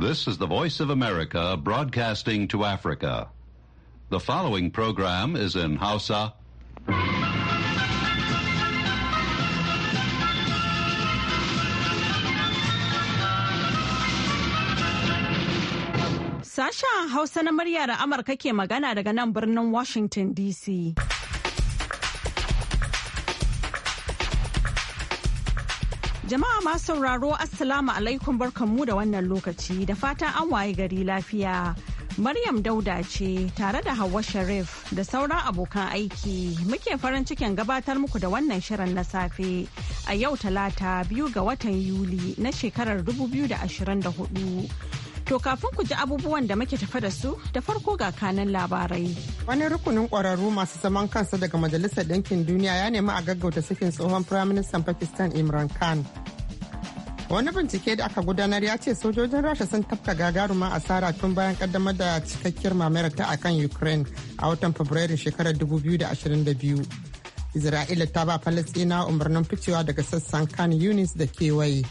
This is the Voice of America broadcasting to Africa. The following program is in Hausa. Sasha Hausa na murya da Amurka ke magana daga nan birnin Washington DC. Jama'a masu sauraro Assalamu alaikum barkanmu da wannan lokaci da fata an waye gari lafiya. Maryam Dauda ce tare da Hauwa Sharif da sauran abokan aiki muke farin cikin gabatar muku da wannan shirin na safe a yau talata biyu ga watan Yuli na shekarar 2024. To kafin ku ji abubuwan da muke tafa da su da farko ga kanan labarai. Wani rukunin ƙwararru masu zaman kansa daga Majalisar Ɗinkin Duniya ya nemi a gaggauta sakin tsohon Firaministan Pakistan Imran Khan. Wani bincike da aka gudanar ya ce sojojin Rasha sun tafka gagaruma asara tun bayan kaddamar da cikakkiyar mamayar ta akan Ukraine a watan Fabrairu shekarar 2022. Isra'ila ta ba Falasɗina umarnin ficewa daga sassan Khan Yunis da kewaye.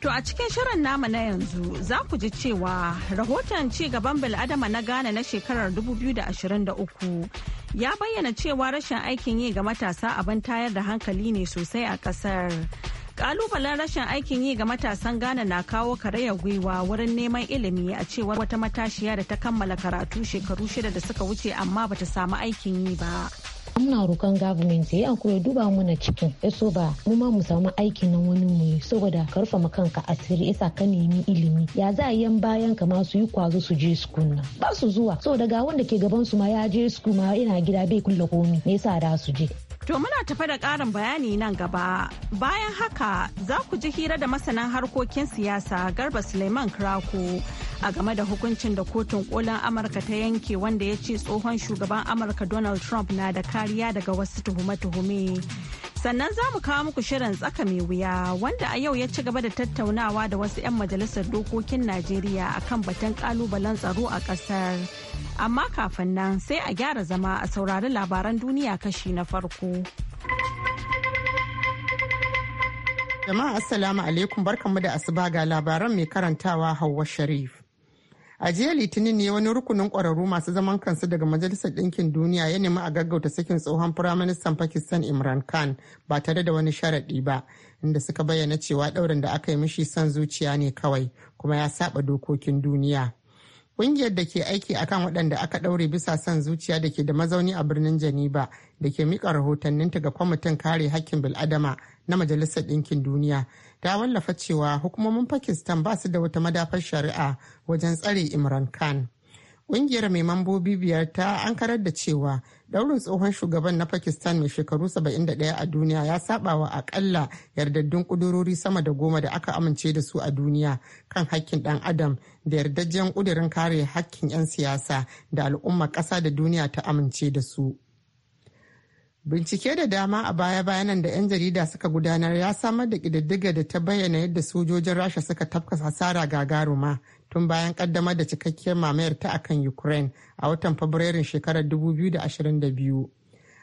To a cikin shirin namu na yanzu za ku ji cewa rahoton ci gaban bil'adama na Ghana na shekarar 2023 ya bayyana cewa rashin aikin yi ga matasa abin tayar da hankali ne sosai a kasar. Kalubalen rashin aikin yi ga matasan Ghana na kawo karayar gwiwa wurin neman ilimi a cewar wata matashiya da ta kammala karatu shekaru shida da suka wuce amma bata samu aikin yi ba. muna roƙon gavumenti ya ankuri duba mana cikin ya so ba mu ma mu samu aikin nan wani mu saboda ka rufe ma kanka asiri isa ka nemi ilimi ya za a yan bayan ka ma su yi kwazo su je school na ba su zuwa saboda ga wanda ke gaban su ma ya je school ma yana gida bai kulle komi me yasa da su je To muna tafa da ƙarin bayani nan gaba. Bayan haka za ku ji hira da masanan harkokin siyasa Garba Suleiman Krako a game da hukuncin da kotun kolin Amurka ta yanke wanda ya ce tsohon shugaban Amurka Donald Trump na da kariya daga wasu tuhume-tuhume. sannan za mu kawo muku shirin tsaka mai wuya wanda a yau ya ci gaba da tattaunawa da wasu 'yan majalisar dokokin najeriya a kan batun kalubalen tsaro a ƙasar, amma kafin nan sai a gyara zama a saurari labaran duniya kashi na farko jama'a assalamu alaikum barkanmu da asuba ga labaran mai karantawa hauwa sharif a jiya litinin ne wani rukunin ƙwararru masu zaman kansu daga majalisar ɗinkin duniya ya nemi a gaggauta sakin tsohon firaministan pakistan imran khan ba tare da wani sharaɗi ba inda suka bayyana cewa ɗaurin da aka yi mishi son zuciya ne kawai kuma ya saba dokokin duniya Ƙungiyar da ke aiki akan waɗanda aka ɗaure bisa son zuciya da ke da mazauni a birnin Janiba da ke miƙa rahotanninta ga kwamitin kare hakkin bil'adama na Majalisar Ɗinkin Duniya ya wallafa cewa hukumomin pakistan ba su da wata madafar shari'a wajen tsare imran khan ƙungiyar mai mambobi biyar ta an karar da cewa daurin tsohon shugaban na pakistan mai shekaru 71 a duniya ya saba wa akalla yardaddun kudurori sama da goma da aka amince da su a duniya kan hakkin dan adam da yardajjen kudurin kare hakkin 'yan siyasa da al'umma ƙasa da duniya ta amince da su Bincike da dama a baya-bayanan da 'yan jarida suka gudanar ya samar da ƙididdiga da ta bayyana yadda sojojin Rasha suka tafka hasara gagaruma tun bayan ƙaddamar da cikakkiyar mamayar ta akan Ukraine a watan Fabrairun shekarar 2022.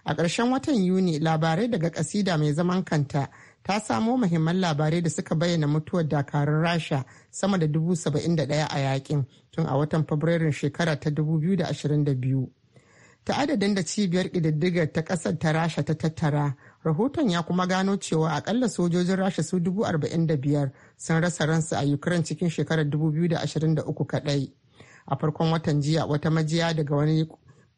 A ƙarshen watan Yuni labarai daga ƙasida mai zaman kanta ta samo muhimman labarai da suka bayyana mutuwar dakarun Rasha sama da 71 a yakin tun a watan Fabrairun shekara ta 2022. ta adadin da cibiyar ƙididdigar ta ƙasar ta rasha ta tattara rahoton ya kuma gano cewa akalla sojojin rasha su 45,000 sun rasa ransu a ukraine cikin shekarar 2023 kadai a farkon watan jiya wata majiya daga wani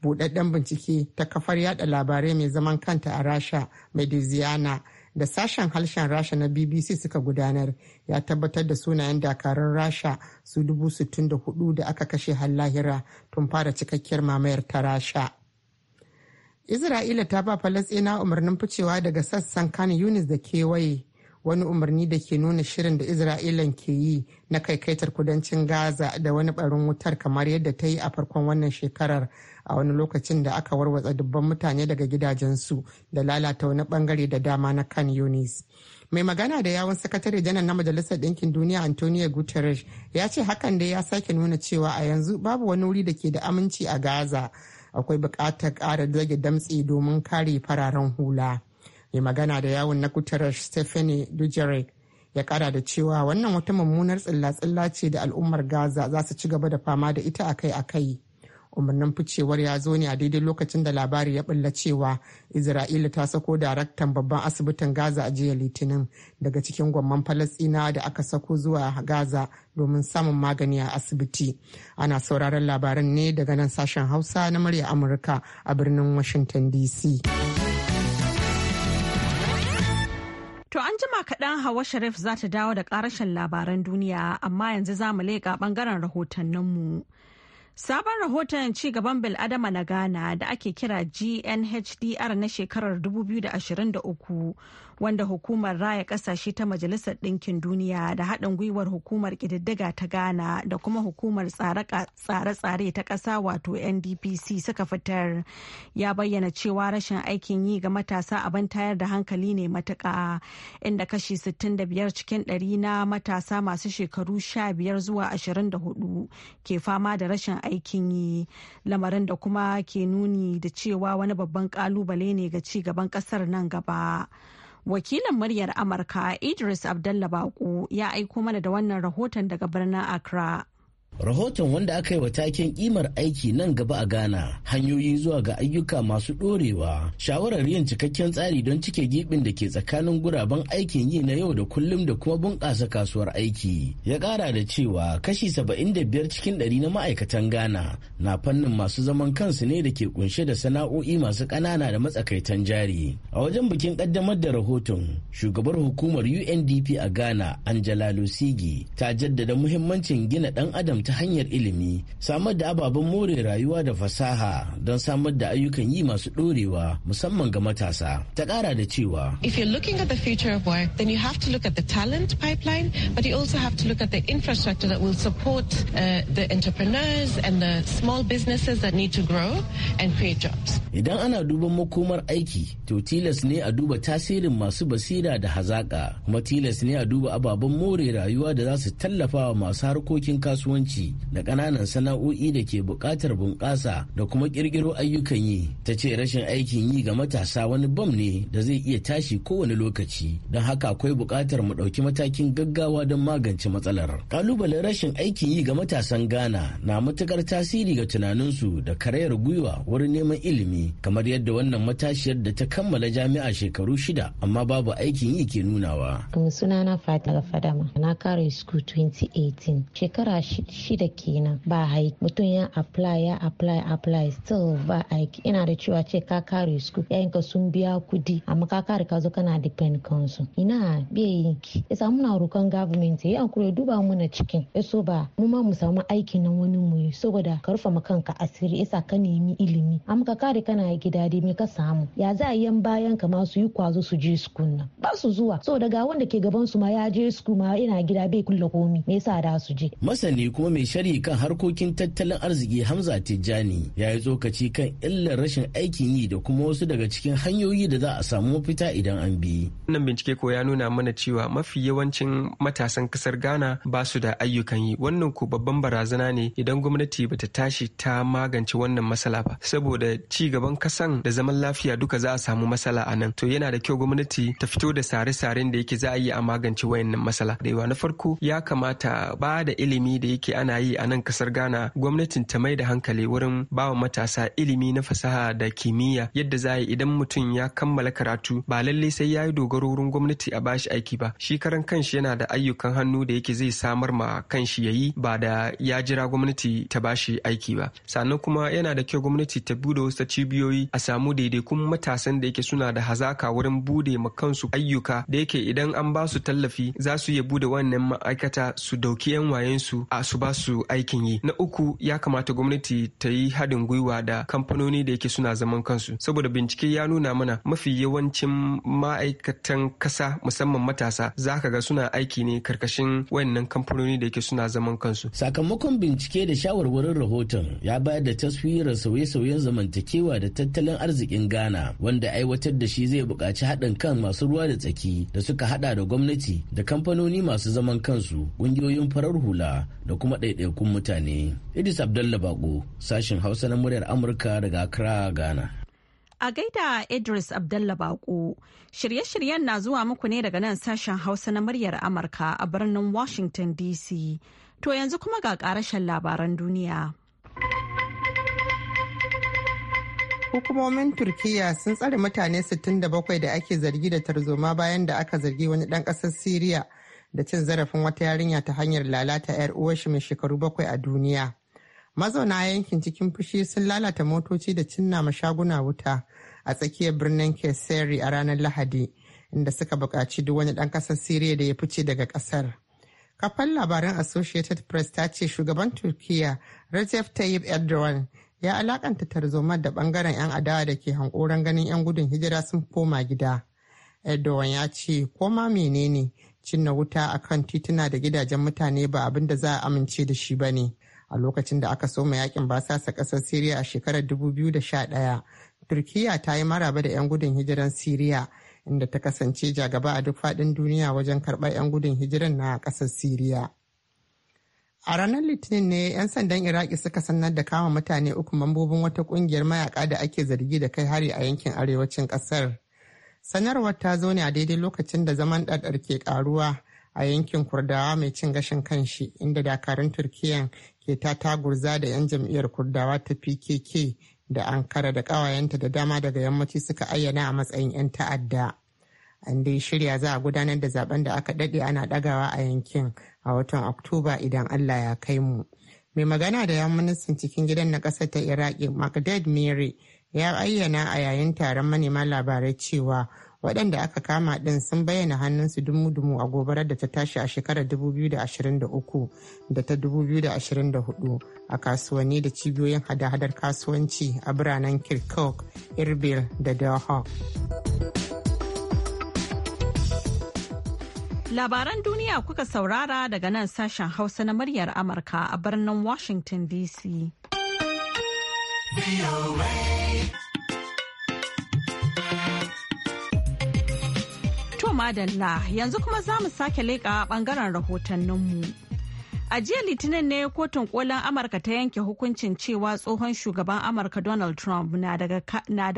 budadden bincike ta kafar yada labarai mai zaman kanta a rasha mediziana da sashen harshen rasha na bbc suka gudanar ya tabbatar da sunayen dakarun rasha su hudu da aka kashe har lahira tun fara cikakkiyar mamayar ta rasha Isra'ila ta ba Falasɗina umarnin ficewa daga sassan kan Yunis da kewaye wani umarni da ke nuna shirin da isra'ila ke yi na kaikaitar kudancin Gaza da wani barin wutar kamar yadda ta yi a farkon wannan shekarar a wani lokacin da aka warwatsa dubban mutane daga gidajensu da lalata wani bangare da dama na kan Yunis. mai magana da yawun sakatare janar na majalisar ɗinkin duniya antonio guterres ya ce hakan da ya sake nuna cewa a yanzu babu wani wuri da ke da aminci a gaza akwai bukatar ƙara rage damtsi domin kare fararen hula mai magana da yawon na kutarar stephanie dujarric ya kara da cewa wannan wata mummunar tsilla-tsilla ce da al'ummar gaza za su ci gaba da fama da ita akai-akai umarnin ficewar ya zo ne a daidai lokacin da labari ya bulla cewa isra'ila ta sako daraktan babban asibitin gaza a jiya litinin daga cikin gwamman falastina da aka sako zuwa gaza domin samun magani a asibiti ana sauraron labaran ne daga nan sashen hausa na murya amurka a birnin washington dc To an jima kaɗan Hawa Sharif za ta dawo da ƙarashin labaran duniya amma yanzu za mu leƙa ɓangaren rahotanninmu. mu. Sabon rahoton ci gaban bil'adama na Ghana da ake kira GNHDR na shekarar 2023 wanda hukumar raya kasashe ta Majalisar Ɗinkin Duniya da haɗin gwiwar hukumar ƙididdiga ta Ghana da kuma hukumar tsare-tsare ta ƙasa wato NDPC suka fitar ya bayyana cewa rashin aikin yi ga matasa abin tayar da hankali ne matuka, inda kashi 65 cikin 100 na matasa masu shekaru 15 zuwa 24 ke fama da rashin aikin yi lamarin da kuma ke nuni da cewa wani babban kalubale ne ga ci gaban kasar nan gaba wakilin muryar amurka idris abdallah ya aiko mana da wannan rahoton daga birnin accra Rahoton wanda aka yi wa taken kimar aiki nan gaba a Ghana hanyoyi zuwa ga ayyuka masu ɗorewa shawarar yin cikakken tsari don cike gibin da ke tsakanin guraben aikin yi na yau da kullum da kuma bunƙasa kasuwar aiki. Ya ƙara da cewa kashi 75 cikin ɗari na ma'aikatan Ghana na fannin masu zaman kansu ne da ke kunshe da sana'o'i masu ƙanana da matsakaitan jari. A wajen bikin ƙaddamar da rahoton shugabar hukumar UNDP a Ghana Angela Lusigi ta jaddada muhimmancin gina ɗan adam ta hanyar ilimi samar da ababen more rayuwa da fasaha don samar da ayyukan yi masu ɗorewa musamman ga matasa ta kara da cewa if you're looking at the future of work then you have to look at the talent pipeline but you also have to look at the infrastructure that will support uh, the entrepreneurs and the small businesses that need to grow and create jobs idan ana duban makomar aiki to tilas ne a duba tasirin masu basira da hazaka kuma tilas ne a duba ababen more rayuwa da za su tallafa wa masu harkokin kasuwanci aiki da ƙananan sana'o'i da ke buƙatar bunƙasa da kuma ƙirƙiro ayyukan yi ta ce rashin aikin yi ga matasa wani bam ne da zai iya tashi kowane lokaci don haka akwai buƙatar mu ɗauki matakin gaggawa don magance matsalar ƙalubalen rashin aikin yi ga matasan ghana na matuƙar tasiri ga tunaninsu da karayar gwiwa wurin neman ilimi kamar yadda wannan matashiyar da ta kammala jami'a shekaru shida amma babu aikin yi ke nunawa. sunana fata fadama na kare school 2018 shekara shida kenan ba aiki mutum ya apply ya apply apply still ba aiki ina da cewa ce ka kare su yayin sun biya kudi amma ka kare ka zo kana depend kansu ina yinki ya samu muna rokon government ya hankuri duba muna cikin ya so ba mu ma mu samu aiki nan wani mu yi saboda ka rufe kanka asiri isa ka nemi ilimi amma ka kare kana gida dai me ka samu ya za a yan bayan ka ma su yi kwazo su je su kunna ba su zuwa saboda ga wanda ke gaban su ma ya je su ma ina gida bai kulle komi me yasa da su je masani kuma mai shari kan harkokin tattalin arziki Hamza Tijjani ya yi tsokaci kan illar rashin aikin yi da kuma wasu daga cikin hanyoyi da za a samu mafita idan an bi. Wannan bincike ko ya nuna mana cewa mafi yawancin matasan kasar Ghana ba su da ayyukan yi. Wannan ko babban barazana ne idan gwamnati ba ta tashi ta magance wannan matsala ba. Saboda ci gaban kasan da zaman lafiya duka za a samu matsala a nan. To yana da kyau gwamnati ta fito da sare-saren da yake za a yi a magance wayannan matsala. Da yawa na farko ya kamata ba da ilimi da yake ana yi a nan kasar ghana gwamnatin ta mai da hankali wurin bawa matasa ilimi na fasaha da kimiyya yadda za yi idan mutum ya kammala karatu ba lallai sai ya yi dogaro wurin gwamnati a bashi aiki ba shi karan kanshi yana da ayyukan hannu da yake zai samar ma kanshi ya yi ba da ya jira gwamnati ta bashi aiki ba sannan kuma yana da kyau gwamnati ta bude wasu cibiyoyi a samu daidai daidaikun matasan da yake suna da hazaka wurin bude ma kansu ayyuka da yake idan an ba su tallafi za su iya bude wannan ma'aikata su dauki yan wayensu a su ba su aikin yi na uku ya kamata gwamnati ta yi haɗin gwiwa da kamfanoni da yake suna zaman kansu saboda bincike ya nuna mana mafi yawancin ma'aikatan kasa musamman matasa za ka ga suna aiki ne karkashin wayannan kamfanoni da yake suna zaman kansu sakamakon bincike da shawarwarin rahoton ya bayar da taswirar sauye-sauyen zamantakewa da tattalin arzikin ghana wanda aiwatar da shi zai buƙaci haɗin kan masu ruwa da tsaki da suka haɗa da gwamnati da kamfanoni masu zaman kansu ƙungiyoyin farar hula da kuma kama ɗaiɗaikun mutane. Idris Abdullah Bako, sashin Hausa na muryar Amurka daga Accra, Ghana. A gaida Idris Abdullah Bako, shirye-shiryen na zuwa muku ne daga nan sashen Hausa na muryar Amurka a birnin Washington DC. To yanzu kuma ga karashen labaran duniya. Hukumomin Turkiyya sun tsare mutane 67 da ake zargi da tarzoma bayan da aka zargi wani ɗan ƙasar Siriya da cin zarafin wata yarinya ta hanyar lalata 'yar uwarshi mai shekaru bakwai a duniya. Mazauna yankin cikin fushi sun lalata motoci da cinna shaguna wuta a tsakiyar birnin Keseri a ranar Lahadi, inda suka buƙaci duk wani ɗan ƙasar Siriya da ya fice daga ƙasar. Kafan labaran Associated Press ta ce shugaban turkiya Recep Tayyip Erdogan ya alakanta tarzoma da bangaren 'yan adawa da ke hankoran ganin 'yan gudun hijira sun koma gida. Erdogan ya ce koma menene cinna wuta a kan tituna da gidajen mutane ba abin da za a amince da shi ba ne a lokacin da aka soma yakin basasa kasar siriya a shekarar 2011 turkiya ta yi maraba da 'yan gudun hijiran siriya inda ta kasance jagaba a duk faɗin duniya wajen karɓar 'yan gudun hijiran na ƙasar siriya a ranar litinin ne 'yan sandan iraki suka sanar da kama mutane uku mambobin wata ƙungiyar mayaka da ake zargi da kai hari a yankin arewacin ƙasar Sanarwar ta zo ne a daidai lokacin da zaman ɗaɗar ke ƙaruwa a yankin Kurdawa mai cin gashin kanshi inda dakarun Turkiyan ke ta tagurza da 'yan jam'iyyar Kurdawa ta PKK da Ankara da ƙawayenta da dama daga yammaci suka ayyana a matsayin 'yan ta'adda. An dai shirya za a gudanar da zaben da aka daɗe ana ɗagawa a yankin a watan Oktoba idan Allah ya kai mu. Mai magana da yan ministan cikin gidan na ƙasar ta Iraki, Magdad Mary, ya ayyana a yayin taron manema labarai cewa waɗanda aka kama ɗin sun bayyana hannunsu dumu-dumu a gobarar da ta tashi a shekarar 2023 da ta 2024 a kasuwanni da cibiyoyin hada-hadar kasuwanci a biranen kirkuk irbil da dalhok labaran duniya kuka saurara daga nan sashen hausa na muryar amurka a birnin washington dc To madalla yanzu kuma za mu sake leƙa ɓangaren rahotanninmu. A jiya Litinin ne kotun kolin Amurka ta yanke hukuncin cewa tsohon shugaban Amurka Donald Trump na da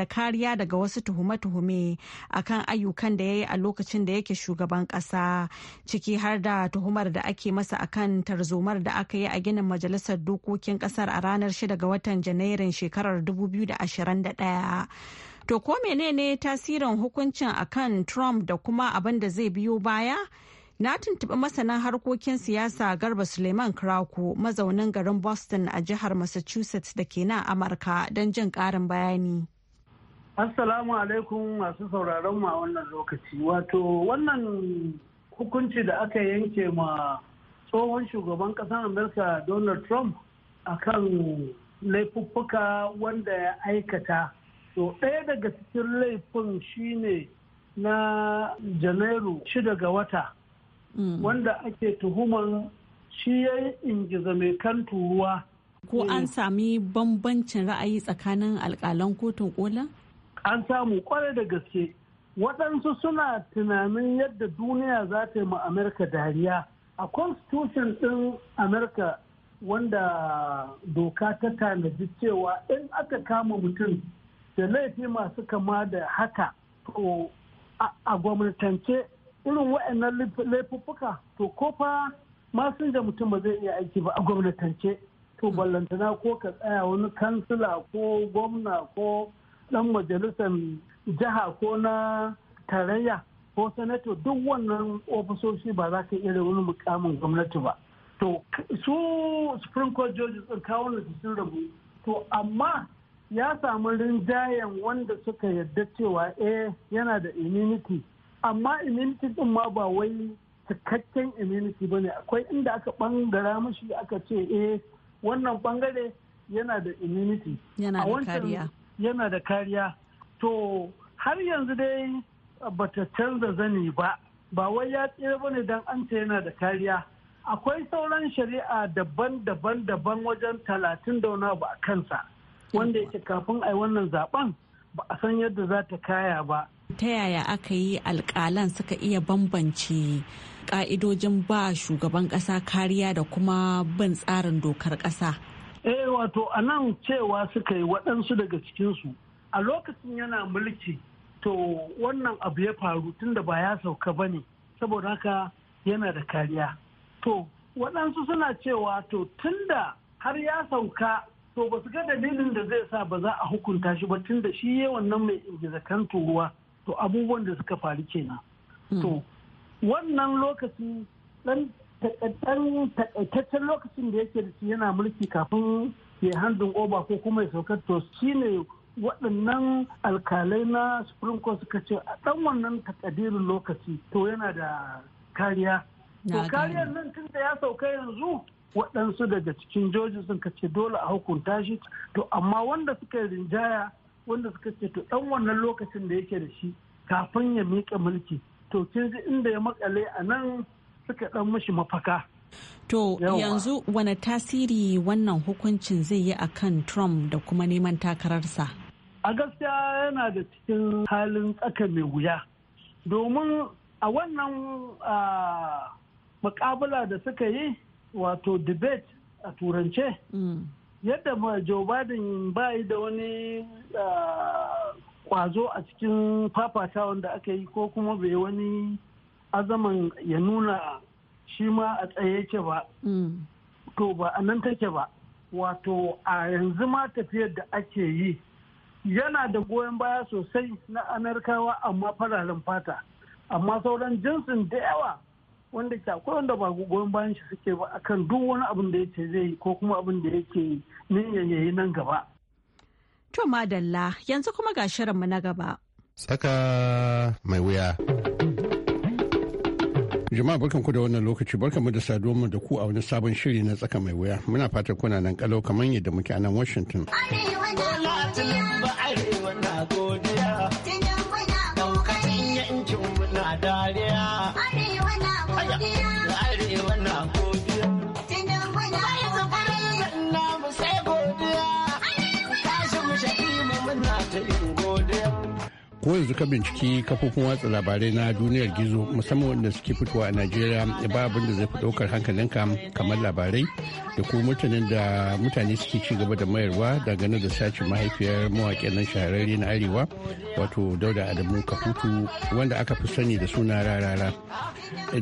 kariya daga wasu tuhume-tuhume akan ayyukan da ya yi a lokacin da yake shugaban ƙasa ciki har da tuhumar da ake masa akan tarzomar da aka yi a ginin majalisar dokokin ƙasar a ranar 6 ga watan Janairun shekarar 2021. To ko menene tasirin hukuncin akan Trump da kuma abin da zai biyo baya? Na tuntuɓi masanan harkokin siyasa Garba Suleiman Krako mazaunin garin Boston a jihar Massachusetts da ke nan Amurka don jin ƙarin bayani. Assalamu alaikum masu sauraron ma wannan lokaci. Wato wannan hukunci da aka yanke ma tsohon shugaban ƙasar Amurka Donald Trump akan laifuffuka wanda ya aikata. To ɗaya daga cikin laifin shine na Janairu shida ga wata Mm. wanda ake tuhuman shi ya yi ingiza mai kan turuwa. Ko an sami bambancin ra'ayi tsakanin alkalan kotun kola? An samu kwarai da gaske. Waɗansu suna tunanin yadda duniya za ta yi ma Amerika dariya. A Constitution ɗin Amerika wanda doka ta tanadi cewa in aka kama mutum da laifi masu kama da haka to a gwamnatance irin waɗannan laifuffuka to ko fa masun da mutum ba zai iya aiki ba a gwamnatance to ballantana ko ka tsaya wani kansila ko gwamna ko dan majalisar jiha ko na tarayya ko sanato duk wannan ofisoshi ba za ka iya wani mukamin gwamnati ba to su supreme court judges din kawo na sun rabu to amma ya samu rinjayen wanda suka yarda cewa eh yana da immunity amma immunity din ma ba wai cikakken immunity ba ne akwai inda aka bangara mashi aka ce eh wannan bangare yana da immunity yana da kariya yana da kariya to har yanzu dai ba ta canza zani ba ba wai ya tsira bane don an ce yana da kariya akwai sauran shari'a daban-daban daban wajen talatin da wani ba a kansa wanda yake kafin a yi wannan zaben ba a san yadda za ta kaya ba ta yaya aka yi alƙalan suka iya bambance ƙa'idojin ba shugaban ƙasa kariya da kuma bin tsarin dokar ƙasa. Eh wato a nan cewa suka yi waɗansu daga cikinsu a lokacin yana mulki to wannan abu ya faru tunda ba ya sauka ba ne saboda haka yana da kariya. To waɗansu suna cewa to tunda har ya sauka to ba su ga dalilin da zai sa ba za a hukunta shi ba tunda shi yawan nan mai ingizakan ruwa. to abubuwan da suka faru kenan hmm. to wannan lokaci dan takaitaccen lokacin da yake da shi yana mulki kafin ya handin oba ko kuma ya saukar to ne waɗannan alkalai na supreme court suka ce a ɗan wannan takadirin lokaci to yana da kariya to kariyar nan tun da ya sauka yanzu waɗansu daga cikin jojin sun ka dole a hukunta shi to amma wanda suka yi rinjaya wanda suka ce to dan wannan lokacin da yake da shi kafin ya miƙa mulki to kin ji inda ya makale a nan suka ɗan mashi mafaka To yanzu wane tasiri wannan hukuncin zai yi a kan Trump da kuma neman takararsa? A gaskiya yana da cikin halin tsaka mai wuya. Domin a wannan mukabula da suka yi wato debate a turance mm. yadda Joe Biden ba yi da wani kwazo ah, a cikin fafatawan da aka yi ko kuma bai wani azaman ya nuna shi ma a tsaye ke ba mm. to ba a nan take ba wato a yanzu ma tafiyar da ake yi yana da goyon baya sosai na anarkawa amma fararen fata amma sauran jinsin da yawa wanda ke akwai wanda ba goyon bayan shi suke ba akan duk wani abin da yake zai ko kuma abin da yake niyan yayi nan gaba. To madalla yanzu kuma ga shirinmu na gaba. Tsaka mai wuya. Jama'a ku da wannan lokaci barkan mu da saduwarmu da ku a wani sabon shiri na tsaka mai wuya. Muna fatan kuna nan kalau kamar yadda muke a nan Washington. ko yanzu ka binciki kafofin watsa labarai na duniyar gizo musamman wanda suke fitowa a najeriya ba abin da zai fi ɗaukar hankalinka kamar labarai da ko mutanen da mutane suke ci gaba da mayarwa dangane da sace mahaifiyar mawaƙin nan shahararre na arewa wato dauda adamu kafutu wanda aka fi sani da suna rarara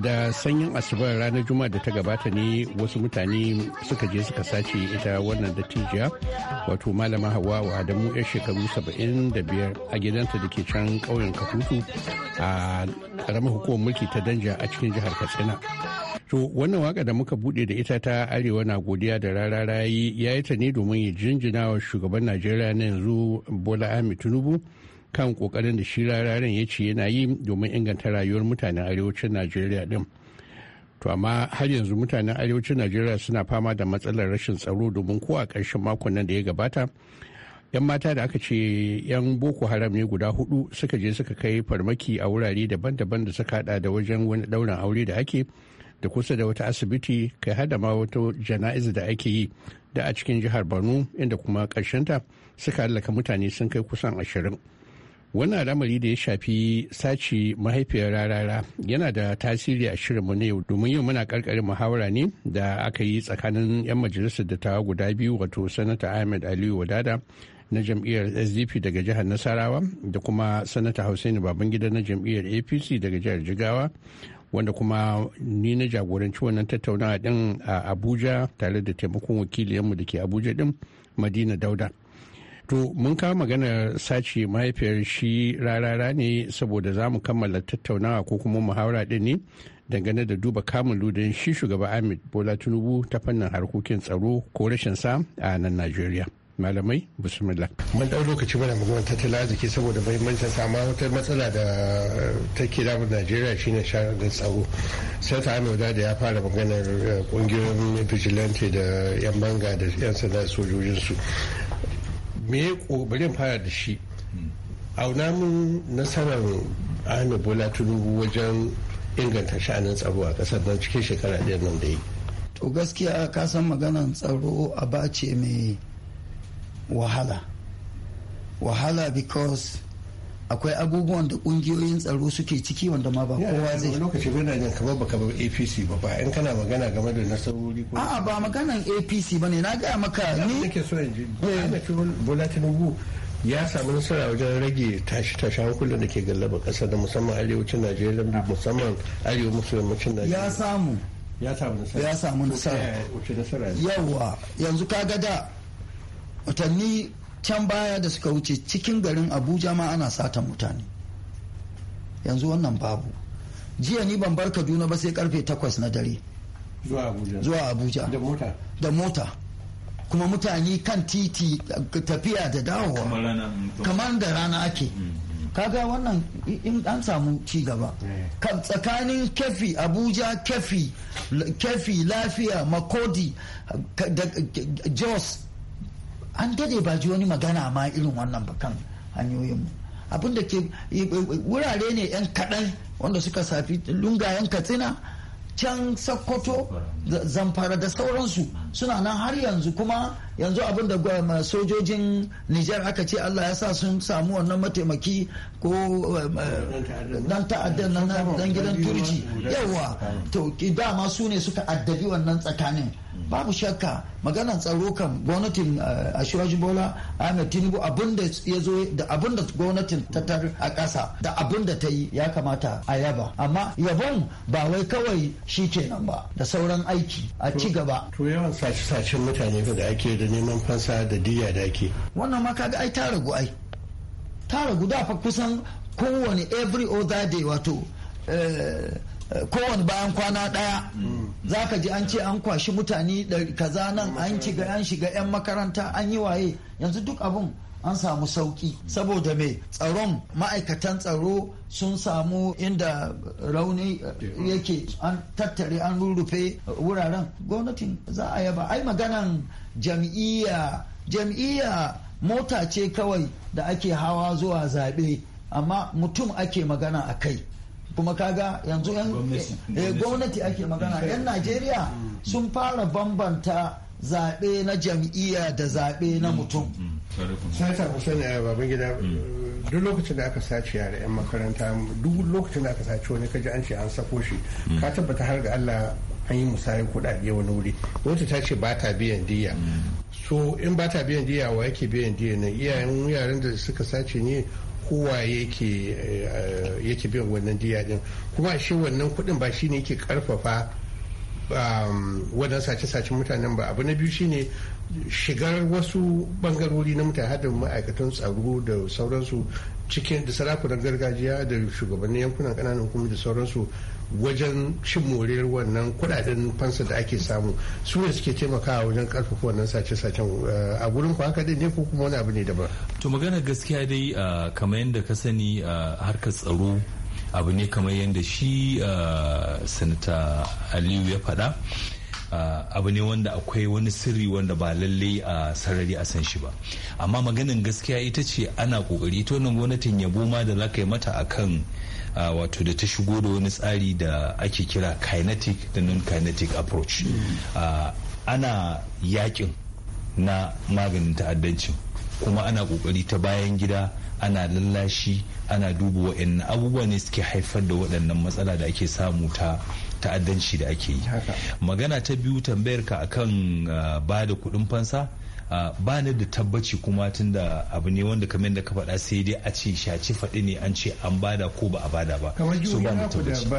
da sanyin asubar ranar juma'a da ta gabata ne wasu mutane suka je suka sace ita wannan dattijiya wato malama hawa adamu yar shekaru 75 a gidanta da ke can ƙauyen kafutu a karamar hukumar mulki ta danja a cikin jihar katsina to wannan waka da muka bude da ita ta arewa na godiya da rara rayi ya yi ta ne domin ya jinjina wa shugaban najeriya na yanzu bola ahmed tinubu kan kokarin da shi rararen ya ce yana yi domin inganta rayuwar mutanen arewacin najeriya din to amma har yanzu mutanen arewacin najeriya suna fama da matsalar rashin tsaro domin ko a karshen makon nan da ya gabata yan mata da aka ce yan boko haram ne guda hudu suka je suka kai farmaki a wurare daban-daban da suka hada da wajen wani daurin aure da ake da kusa da wata asibiti kai hada ma wata jana'iza da ake yi da a cikin jihar borno inda kuma ta suka hallaka mutane sun kai kusan ashirin wani al'amari da ya shafi sace mahaifiyar rarara yana da tasiri a shirinmu na yau domin yau muna karkarin muhawara ne da aka yi tsakanin 'yan majalisar da ta guda biyu wato sanata ahmed aliyu wadada na jam'iyyar sdp daga jihar nasarawa da kuma sanata hausaini babangida na jam'iyyar apc daga jihar jigawa wanda kuma ni na jagoranci wannan tattaunawa din a abuja tare da taimakon wakiliyanmu da ke abuja din madina dauda to mun kawo magana sace mahaifiyar shi rarara ne saboda za mu kammala tattaunawa ko kuma muhawara din ne dangane da duba kamun ludin shi shugaba ahmed bola tinubu ta fannin harkokin tsaro ko rashin sa a nan najeriya malamai bismillah mun dau lokaci mana magana tattalin arziki saboda muhimmancin sama wata matsala da take damun najeriya shine da tsaro sai ta amurda da ya fara maganar kungiyoyin eh, vigilante da yan banga da yan sanda sojojinsu me ya kokarin fara da shi auna mun nasarar ahmed bola tinubu wajen inganta sha'anin tsaro a kasar nan cikin shekara ɗaya nan da yi to gaskiya ka san maganar tsaro a bace mai wahala wahala because akwai abubuwan da kungiyoyin tsaro suke ciki wanda ma ba kowa zai lokaci bai na kamar baka ba APC ba ba in kana magana game da nasarori ko a'a ba maganan APC bane na ga maka ni nake so in ji ana eh. cewa Bola Tinubu ya samu nasara wajen rage tashi-tashi hankulan da ke gallaba kasa da musamman arewacin Najeriya da musamman arewa maso yammacin Najeriya ya samu ya samu nasara ya samu nasara yawa yanzu kaga da watanni can baya da suka wuce cikin garin abuja ma ana sata mutane yanzu wannan babu jiya ni ban bar kaduna ba sai karfe 8 na dare zuwa abuja da mota kuma mutane kan titi tafiya da dawowa kamar da rana ake mm, mm. kaga wannan in an samu ci gaba eh. tsakanin kefi abuja kefi kefi lafiya makodi jos an dade ba ji wani magana ma irin wannan bakan hanyoyinmu abin da ke wurare ne 'yan kaɗan wanda suka safi lunga yan katsina can sakkwato zamfara da sauransu suna nan har yanzu kuma yanzu abin da sojojin nijar aka ce allah ya sa sun samu wannan mataimaki ko eh, dan ta'addar nan gidan turji yawa to dama su ne suka addabi wannan tsakanin babu shakka maganan tsaro kan gwamnatin eh, ashirajin bola ahmed tinubu abinda ya zo da abinda gwamnatin ta tar a ƙasa da abinda ta yi ya kamata a yaba amma yabon ba wai kawai shi kenan ba da sauran aiki a ci gaba to yawan sace mutane da ake da neman fansa da diya da ake wannan ma kaga ai ta ragu ai ta ragu da fa kusan kowane every other day wato eh, kowane bayan kwana ɗaya mm. za ka ji an ce an kwashi mutane kaza nan mm. an shiga an shiga 'yan makaranta an yi waye yanzu duk abin an samu sauki saboda me tsaron ma'aikatan tsaro sun samu inda rauni uh, yake an tattare an rurrufe wuraren gwamnatin za a yaba ai maganan jam'iyya jam'iyya mota ce kawai da ake hawa zuwa zaɓe amma mutum ake magana a kai kuma kaga yanzu yan eh, eh, gwamnati ake magana yan najeriya sun fara bambanta zaɓe na jam'iyya da zaɓe na mm. mutum mm. sata kusan ya eh, mm. duk lokacin da aka sace da yan makaranta duk lokacin da aka sace wani kaji an ce an sako shi ka tabbata har ga allah an yi musayar kuɗaɗe wani wuri wata ta ce ba ta biyan diya so in ba ta biyan diya wa yake biyan diya ne iyayen yaren da suka sace ne kowa yake eh, yake biyan wannan diya din kuma shi wannan kuɗin ba shine yake karfafa um, wannan sace-sacen mutanen ba abu na biyu shine shigar wasu bangarori na mutane hadin ma'aikatan tsaro da sauransu cikin da sarakunan gargajiya da shugabannin yankunan kananan kuma da sauransu wajen cin moriyar wannan kudaden fansa da ake samu su ne suke taimakawa wajen karfafa wannan sace-sacen eh, a gurin ku haka ne ko kuma wani abu ne daban to magana gaskiya dai eh, kamar yadda ka sani eh, harkar tsaro abu ne kamar yadda shi sanata aliyu ya faɗa abu ne wanda akwai wani sirri wanda ba lalle a sarari a san shi ba amma maganin gaskiya ita ce ana kokari ita wannan gwamnatin yabo ma da za ka yi mata akan wato da ta shigo da wani tsari da ake kira kinetic da non-kinetic approach ana yakin na maganin ta'addanci kuma ana kokari ta bayan gida ana lallashi ana duba waɗannan abubuwa ne suke haifar da waɗannan matsala da ake samu ta ta'addanci da ake yi magana ta biyu tambayar ka akan ba da kuɗin fansa ba ni da tabbaci kuma tun da abu ne wanda kamar da ka faɗa sai dai a ce shaci faɗi ne an ce an bada ko ba a bada ba su ba mu tabbaci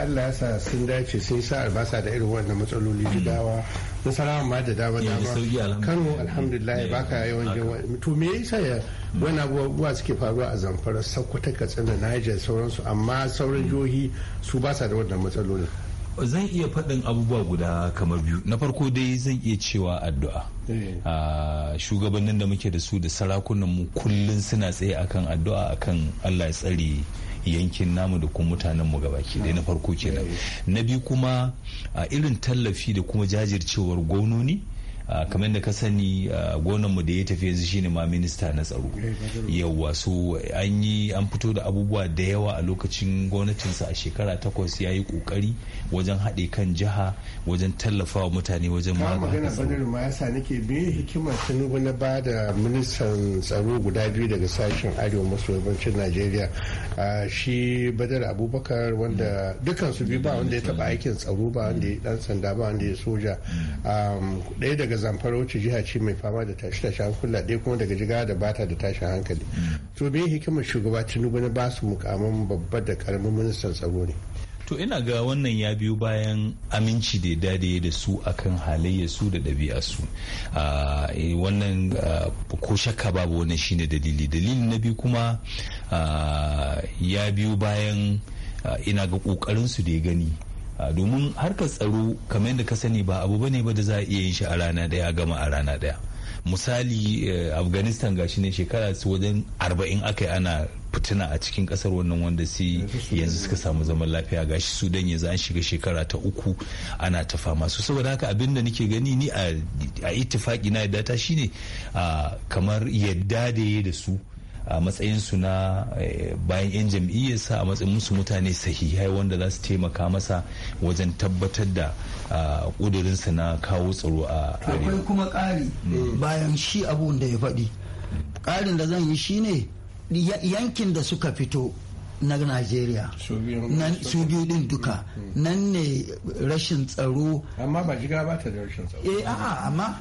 Allah ya sa sun dace sai sa albasa da irin wannan matsaloli da mm. dawa nasarawa ma da dama eh, dama Kano alhamdulillah yawan to me yasa ya mm. wani abubuwa suke faruwa a Zamfara sakkwata Katsina Niger sauransu amma sauran mm. jihohi su ba sa da wannan matsaloli. zan iya faɗin abubuwa guda kamar biyu na farko dai zan iya cewa addu'a eh. ah, shugabannin da muke da su da sarakunan mu kullum suna tsaye akan addu'a akan allah ya tsare yankin namu da kuma mutanen mu gabaki dai na farko kenan eh. na biyu kuma a irin tallafi da kuma jajircewar gwamnoni Ah, kamar da ka sani ah, gonan mu da ya tafi yanzu shine ma minista na tsaro eh, yawa so an yi an fito da abubuwa da yawa a lokacin gwamnatinsa a shekara takwas ya yi kokari wajen haɗe kan jiha wajen tallafa wa mutane wajen magana tsaron ma yasa nake biyu hikimar tunubu na ba da ministan tsaro guda biyu daga sashen arewa maso yammacin najeriya ah, shi badar abubakar wanda mm. dukansu biyu ba wanda ya taɓa aikin tsaro ba wanda ya dan sanda ba wanda ya soja mm. ɗaya daga zamfara wacce jiha ce mai fama da tashi tashi hankula ɗaya kuma daga jiga da bata da tashin hankali to me hikimar shugaba tinubu na basu mukamman babba da karamin ministan tsaro ne to ina ga wannan ya biyu bayan aminci da ya dade da su akan halayya su da ɗabi'a su e, wannan ko shakka babu wani shine dalili dalili na biyu kuma ya biyu bayan ina ga kokarin su da ya gani Ah, domin harkar tsaro kamar yadda ka sani ba abu bane ba da za a iya yin shi a rana daya a gama a rana daya misali eh, afghanistan gashi ne shekara su wajen arba'in aka yi ana fitina a cikin kasar wannan wanda sai yanzu suka samu zaman lafiya gashi sudan yanzu an shiga shekara ta uku ana ta fama su saboda haka abin da nake gani ni a itifaki na yadda ta shine ah, kamar yadda da ya da su a matsayin su na eh, bayan 'yan jam'iyyarsa a matsayin musu mutane sahihai wanda za su taimaka masa wajen tabbatar da ƙudurinsa na kawo tsaro a akwai kuma ƙari mm. eh, bayan shi abun da ya faɗi ƙarin da zan yi shine yankin da suka fito na Najeriya su biyu din duka mm. nan ne rashin tsaro amma ba jiga ba ta da rashin tsaro eh a'a amma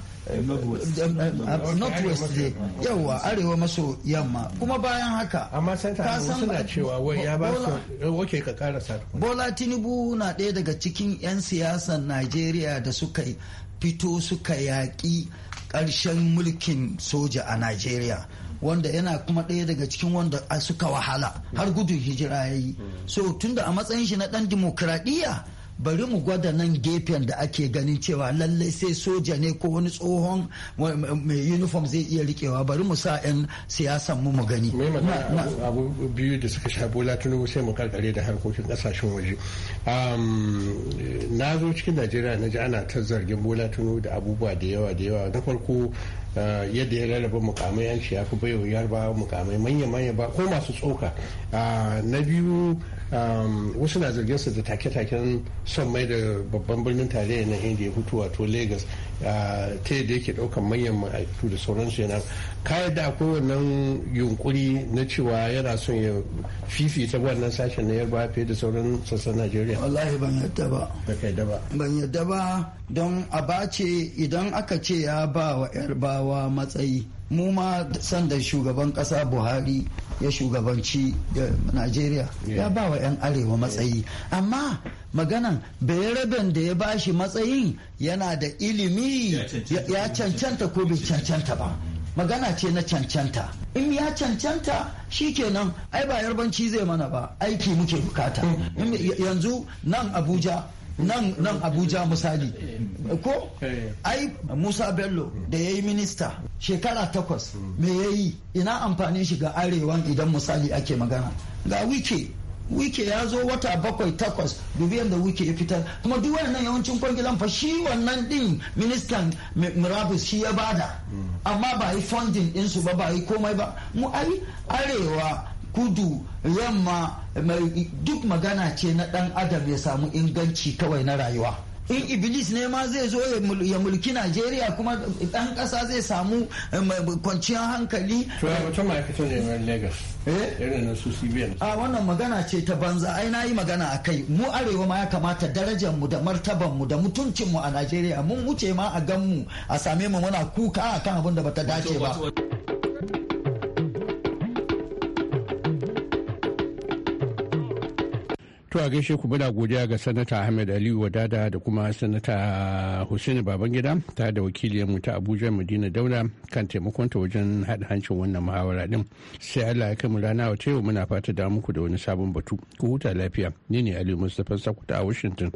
northwest ne yawa arewa maso yamma kuma bayan haka amma santa suna cewa wai ya ba su wake eh, ka bola tinubu na ɗaya daga cikin 'yan siyasan najeriya da suka fito suka yaƙi ƙarshen mulkin soja a najeriya wanda yana kuma ɗaya daga cikin wanda suka wahala har gudun hijira ya yi so tunda a matsayin shi na ɗan dimokuraɗiyya bari mu gwada nan gefen da ake ganin cewa lallai sai soja ne ko wani tsohon mai uniform zai iya rikewa bari mu sa 'yan siyasan mu mu gani abu biyu da suka sha bola sai mu karkare da harkokin kasashen waje na zo cikin najeriya na ji ana ta zargin bola da abubuwa da yawa da yawa na farko eh, yadda ya rarraba mukamai yanci ya fi bayo yarba mukamai manya-manya ba ko masu tsoka ah, na biyu Um, wasu na zargin su da take-taken son mai da babban birnin tarayya na india hutu wato lagos uh, ta yadda yake daukan manyan ma'aikatu da sauransu yana Ka da akwai wannan yunkuri na cewa yana son ya fifita wannan sashen na yarba fiye da sauran sassan najeriya wallahi ban yadda ba ban yadda ba don a bace idan aka ce ya ba wa yarbawa matsayi mu ma sanda shugaban kasa buhari ya shugabanci najeriya ya ba wa 'yan arewa matsayi amma maganan bayan da ya ba shi matsayin yana da ilimi ya cancanta ko bai cancanta ba magana ce na cancanta in ya cancanta shi kenan ai ba yarbanci zai mana ba aiki muke bukata yanzu nan abuja nan abuja misali ko eh. ai musa bello da ya yi minista shekara takwas me ya yi ina amfanin shi ga arewan idan misali ake magana ga wike wike ya zo wata bakwai takwas dubiyan da wike ya fitar kuma duk wannan yawancin kwangilan fa shi wannan din ministan murabus shi ya bada hmm. amma ba yi funding din su ba ba yi komai ba mu ai arewa kudu yamma duk magana ce na dan adam ya samu inganci kawai na rayuwa in iblis ne ma zai zo ya mulki najeriya kuma dan kasa zai samu eh, kwanciyar hankali eh? a wannan magana ce ta banza ai na yi magana a kai mu arewa ma ya kamata darajar mu da martaban mu da mutuncin mu a najeriya mun wuce ma a ganmu a same mu muna kuka akan abin da bata dace ba To a gaishe ku muna godiya ga Sanata Ahmed Aliyu Wadada da kuma Sanata Hussein Babangida ta da mu ta Abuja Madina Daura kan taimakon ta wajen haɗa hancin wannan muhawara din. Sai Allah ya kai mu rana wata yau muna fata da muku da wani sabon batu. Ku huta lafiya. Ni ne Aliyu Mustapha Sakuta a Washington.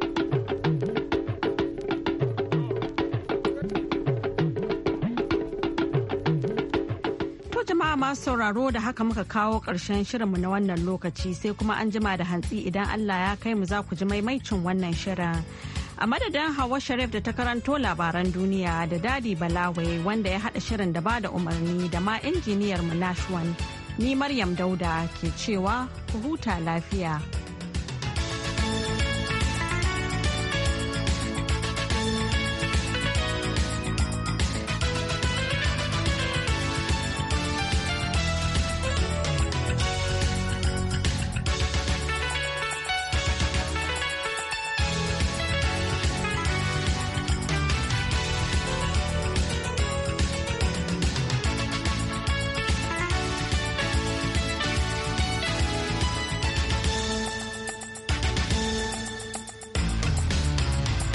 To jama'a masu sauraro da haka muka kawo ƙarshen shirinmu na wannan lokaci sai kuma an jima da hantsi idan Allah ya kai mu za ku ji maimaicin wannan shirin. A madadin Hawa Sharif da ta karanto labaran duniya da Dadi Balawai wanda ya haɗa shirin da ba da umarni da ma injiniyar mu Nashwan. Ni Maryam Dauda ke cewa ku huta lafiya.